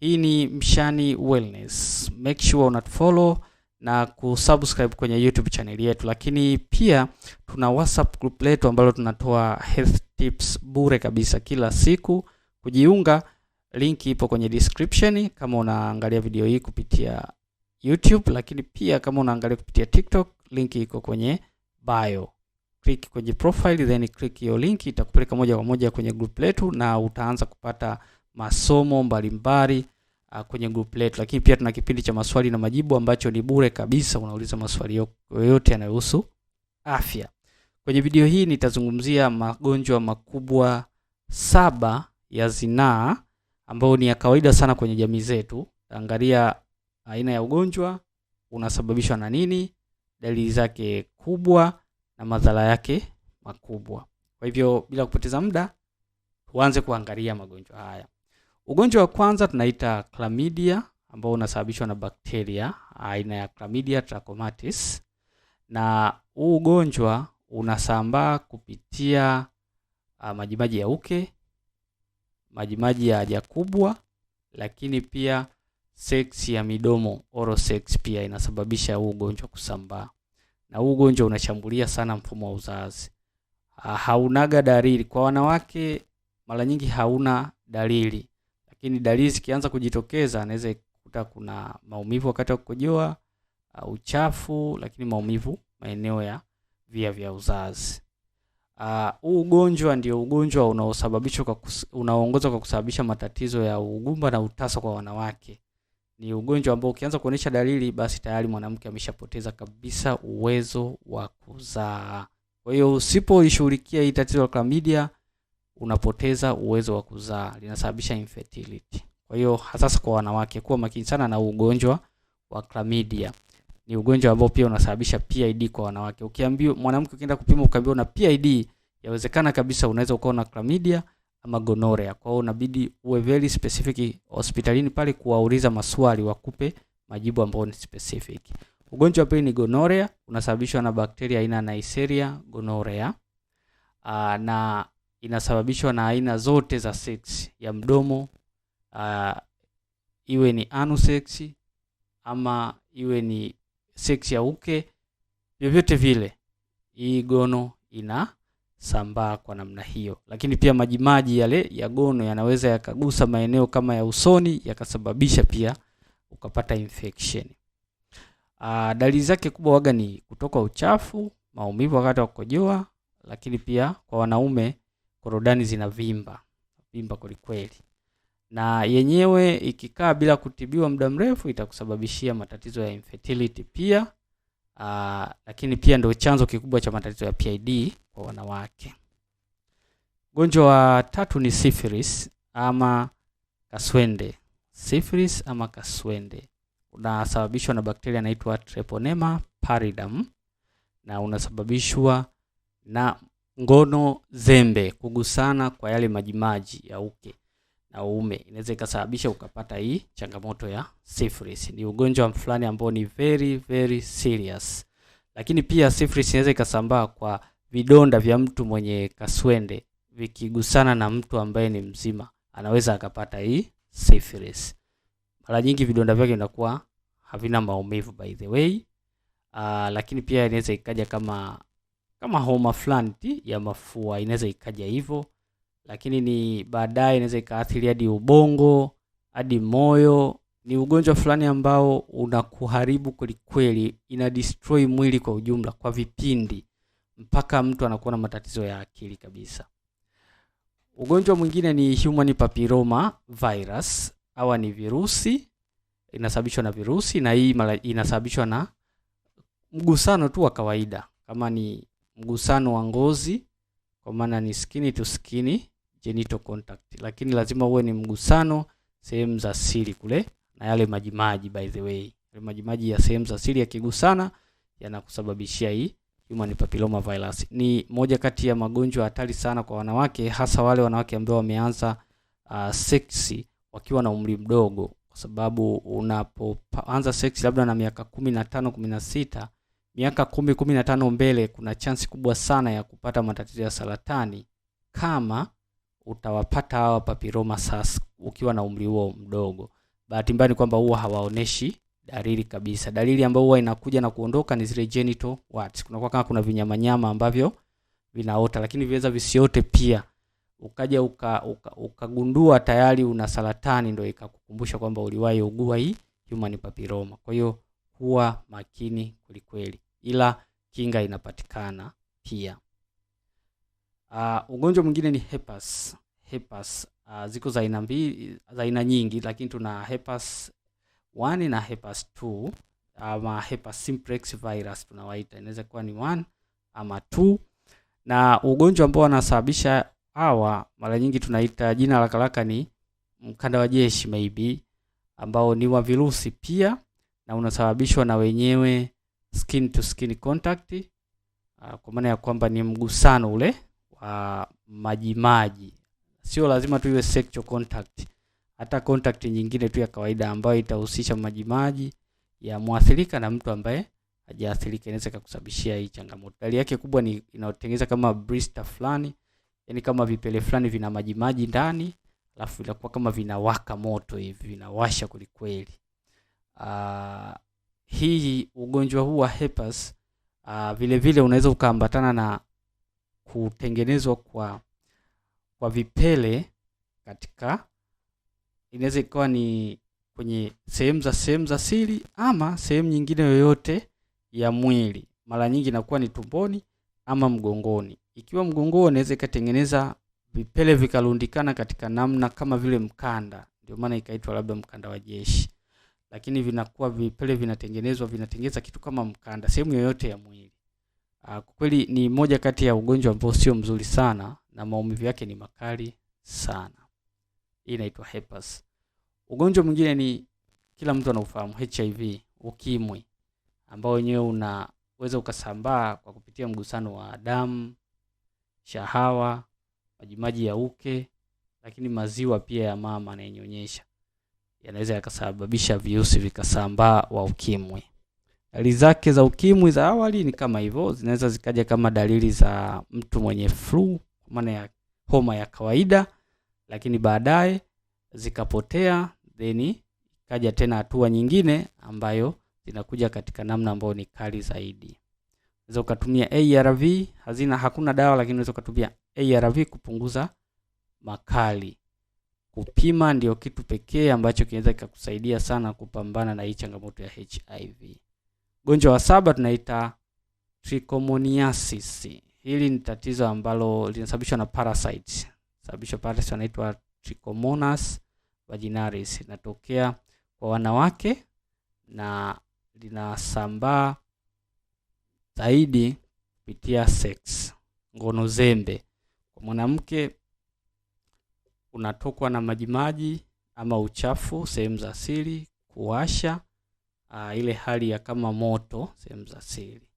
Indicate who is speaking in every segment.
Speaker 1: Hii ni Mshani Wellness. Make sure una follow na kusubscribe kwenye YouTube channel yetu, lakini pia tuna WhatsApp group letu ambalo tunatoa health tips bure kabisa kila siku. Kujiunga, link ipo kwenye description kama unaangalia video hii kupitia YouTube, lakini pia kama unaangalia kupitia TikTok, link iko kwenye bio. Click kwenye profile then click hiyo link, itakupeleka moja kwa moja kwenye group letu na utaanza kupata masomo mbalimbali uh, kwenye group letu, lakini pia tuna kipindi cha maswali na majibu ambacho ni bure kabisa. Unauliza maswali yoyote yanayohusu afya. Kwenye video hii nitazungumzia magonjwa makubwa saba ya zinaa ambayo ni ya kawaida sana kwenye jamii zetu. Angalia aina ya ugonjwa, unasababishwa na nini, dalili zake kubwa na madhara yake makubwa. Kwa hivyo bila kupoteza muda, tuanze kuangalia magonjwa haya. Ugonjwa wa kwanza tunaita chlamydia ambao unasababishwa na bakteria aina ya Chlamydia trachomatis, na huu ugonjwa unasambaa kupitia uh, majimaji ya uke, majimaji ya haja kubwa, lakini pia seksi ya midomo oral sex pia inasababisha huu ugonjwa kusambaa, na huu ugonjwa unashambulia sana mfumo wa uzazi. Uh, haunaga dalili kwa wanawake, mara nyingi hauna dalili lakini dalili zikianza kujitokeza, anaweza kukuta kuna maumivu wakati wa kukojoa, uh, uchafu, lakini maumivu maeneo ya via vya uzazi. Uh, huu uh, ugonjwa ndio ugonjwa unaosababishwa kwa unaoongozwa kwa kusababisha matatizo ya ugumba na utasa kwa wanawake. Ni ugonjwa ambao ukianza kuonyesha dalili, basi tayari mwanamke ameshapoteza kabisa uwezo wa kuzaa. Kwa hiyo usipoishughulikia hii tatizo la chlamydia unapoteza uwezo wa kuzaa, linasababisha infertility. Kwa hiyo hasa kwa wanawake, kuwa makini sana na ugonjwa wa chlamydia. Ni ugonjwa ambao pia unasababisha PID kwa wanawake. Ukiambiwa mwanamke, ukienda kupima ukaambiwa una PID, yawezekana kabisa unaweza ukawa na chlamydia ama gonorea. Kwa hiyo unabidi uwe very specific hospitalini pale kuwauliza maswali wakupe majibu ambayo ni specific. Ugonjwa wa pili ni gonorea, unasababishwa na bakteria aina ya Neisseria gonorea. Aa, na inasababishwa na aina zote za sex ya mdomo uh, iwe ni anal sex ama iwe ni sex ya uke, vyovyote vile hii gono inasambaa kwa namna hiyo. Lakini pia majimaji yale ya gono yanaweza yakagusa maeneo kama ya usoni yakasababisha pia ukapata infection. Uh, dalili zake kubwa waga ni kutoka uchafu, maumivu wakati wa kukojoa, lakini pia kwa wanaume korodani zinavimba vimba kwelikweli, na yenyewe ikikaa bila kutibiwa muda mrefu itakusababishia matatizo ya infertility pia. aa, ah, lakini pia ndio chanzo kikubwa cha matatizo ya PID kwa wanawake. Ugonjwa wa tatu ni syphilis ama kaswende. Syphilis ama kaswende unasababishwa na bakteria anaitwa Treponema pallidum na unasababishwa na ngono zembe, kugusana kwa yale majimaji ya uke na uume inaweza ikasababisha ukapata hii changamoto ya syphilis. Ni ugonjwa fulani ambao ni very very serious, lakini pia syphilis inaweza ikasambaa kwa vidonda vya mtu mwenye kaswende vikigusana na mtu ambaye ni mzima, anaweza akapata hii syphilis. Mara nyingi vidonda vyake vinakuwa havina maumivu by the way. Uh, lakini pia inaweza ikaja kama kama homa fulani ti ya mafua, inaweza ikaja hivyo, lakini ni baadaye inaweza ikaathiri hadi ubongo hadi moyo. Ni ugonjwa fulani ambao unakuharibu kwelikweli, ina destroy mwili kwa ujumla kwa vipindi, mpaka mtu anakuwa na matatizo ya akili kabisa. Ugonjwa mwingine ni human papiroma virus, hawa ni virusi, inasababishwa na virusi, na hii inasababishwa na mgusano tu wa kawaida, kama ni mgusano wa ngozi, kwa maana ni skin to skin genital contact, lakini lazima uwe ni mgusano sehemu za siri kule na yale majimaji. By the way, yale majimaji ya sehemu za siri yakigusana yanakusababishia hii human papilloma virus. Ni moja kati ya magonjwa hatari sana kwa wanawake, hasa wale wanawake ambao wameanza uh, seksi wakiwa na umri mdogo, kwa sababu unapoanza seksi labda na miaka kumi na tano kumi na sita miaka kumi kumi na tano mbele, kuna chansi kubwa sana ya kupata matatizo ya saratani kama utawapata hawa papiroma sas ukiwa na umri huo mdogo. Bahati mbaya ni kwamba huwa hawaoneshi dalili kabisa. Dalili ambayo huwa inakuja na kuondoka ni zile genital warts. kwa kama kuna vinyamanyama ambavyo vinaota, lakini viweza visiote pia ukaja ukagundua uka, uka tayari una saratani, ndio ikakukumbusha kwamba uliwahi ugua hii human papiroma Kwa hiyo huwa makini kwelikweli ila kinga inapatikana pia. Uh, ugonjwa mwingine ni herpes. Herpes uh, ziko za aina mbili za aina nyingi, lakini tuna herpes 1 na herpes 2 ama herpes simplex virus tunawaita, inaweza kuwa ni 1 ama 2, na ugonjwa ambao wanasababisha hawa mara nyingi tunaita jina la karaka ni mkanda wa jeshi maybe, ambao ni wa virusi pia na unasababishwa na wenyewe skin to skin contact uh, kwa maana ya kwamba ni mgusano ule wa majimaji. Sio lazima tu iwe sexual contact, hata contact nyingine tu ya kawaida ambayo itahusisha majimaji ya mwathirika na mtu ambaye hajaathirika inaweza kukusababishia hii changamoto. Dalili yake kubwa ni inatengeneza kama blister fulani, yani kama vipele fulani vina majimaji ndani, alafu inakuwa kama vinawaka moto hivi, vinawasha kwelikweli. Uh, hii ugonjwa huu wa herpes uh, vile vile unaweza ukaambatana na kutengenezwa kwa kwa vipele katika, inaweza ikawa ni kwenye sehemu za sehemu za siri ama sehemu nyingine yoyote ya mwili. Mara nyingi inakuwa ni tumboni ama mgongoni. Ikiwa mgongoni, inaweza ikatengeneza vipele vikarundikana katika namna kama vile mkanda, ndio maana ikaitwa labda mkanda wa jeshi lakini vinakuwa vipele vinatengenezwa vinatengeza kitu kama mkanda sehemu yoyote ya mwili. Ah, kwa kweli ni moja kati ya ugonjwa ambao sio mzuri sana na maumivu yake ni makali sana. Hii inaitwa herpes. Ugonjwa mwingine ni kila mtu anaufahamu HIV, ukimwi ambao wenyewe unaweza ukasambaa kwa kupitia mgusano wa damu, shahawa, majimaji ya uke, lakini maziwa pia ya mama anayenyonyesha yanaweza yakasababisha virusi vikasambaa wa ukimwi. Dalili zake za ukimwi za awali ni kama hivyo, zinaweza zikaja kama dalili za mtu mwenye flu, maana ya homa ya kawaida, lakini baadaye zikapotea, then ikaja tena hatua nyingine ambayo zinakuja katika namna ambayo ni kali zaidi. Unaweza ukatumia ARV, hazina hakuna dawa, lakini unaweza ukatumia ARV kupunguza makali kupima ndio kitu pekee ambacho kinaweza kikakusaidia sana kupambana na hii changamoto ya HIV. Ugonjwa wa saba tunaita trichomoniasis. Hili ni tatizo ambalo linasababishwa na parasite. Sababisho parasite wanaitwa Trichomonas vaginalis. Linatokea kwa wanawake na linasambaa zaidi kupitia sex, ngono zembe. Kwa mwanamke kunatokwa na majimaji ama uchafu sehemu za siri, kuwasha uh, ile hali ya kama moto sehemu za siri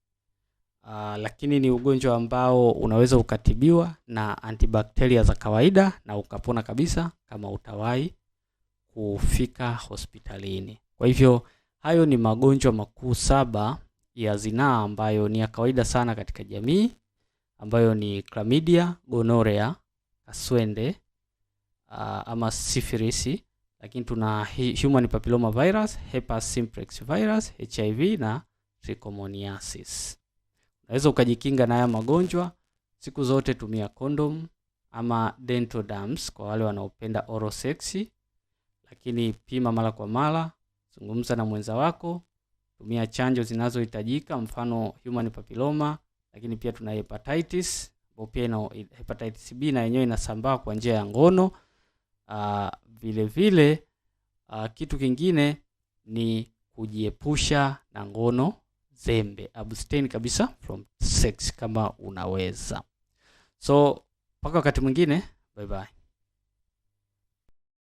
Speaker 1: uh, lakini ni ugonjwa ambao unaweza ukatibiwa na antibakteria za kawaida na ukapona kabisa kama utawahi kufika hospitalini. Kwa hivyo hayo ni magonjwa makuu saba ya zinaa ambayo ni ya kawaida sana katika jamii ambayo ni chlamydia, gonorrhea, kaswende uh, ama sifilisi, lakini tuna human papilloma virus, herpes simplex virus, HIV na trichomoniasis. Unaweza ukajikinga na haya magonjwa siku zote, tumia condom ama dental dams kwa wale wanaopenda oral sex, lakini pima mara kwa mara, zungumza na mwenza wako, tumia chanjo zinazohitajika, mfano human papilloma, lakini pia tuna hepatitis ambayo pia ina hepatitis B na yenyewe inasambaa kwa njia ya ngono. Uh, vile vile uh, kitu kingine ni kujiepusha na ngono zembe, abstain kabisa from sex kama unaweza. So mpaka wakati mwingine, bye bye.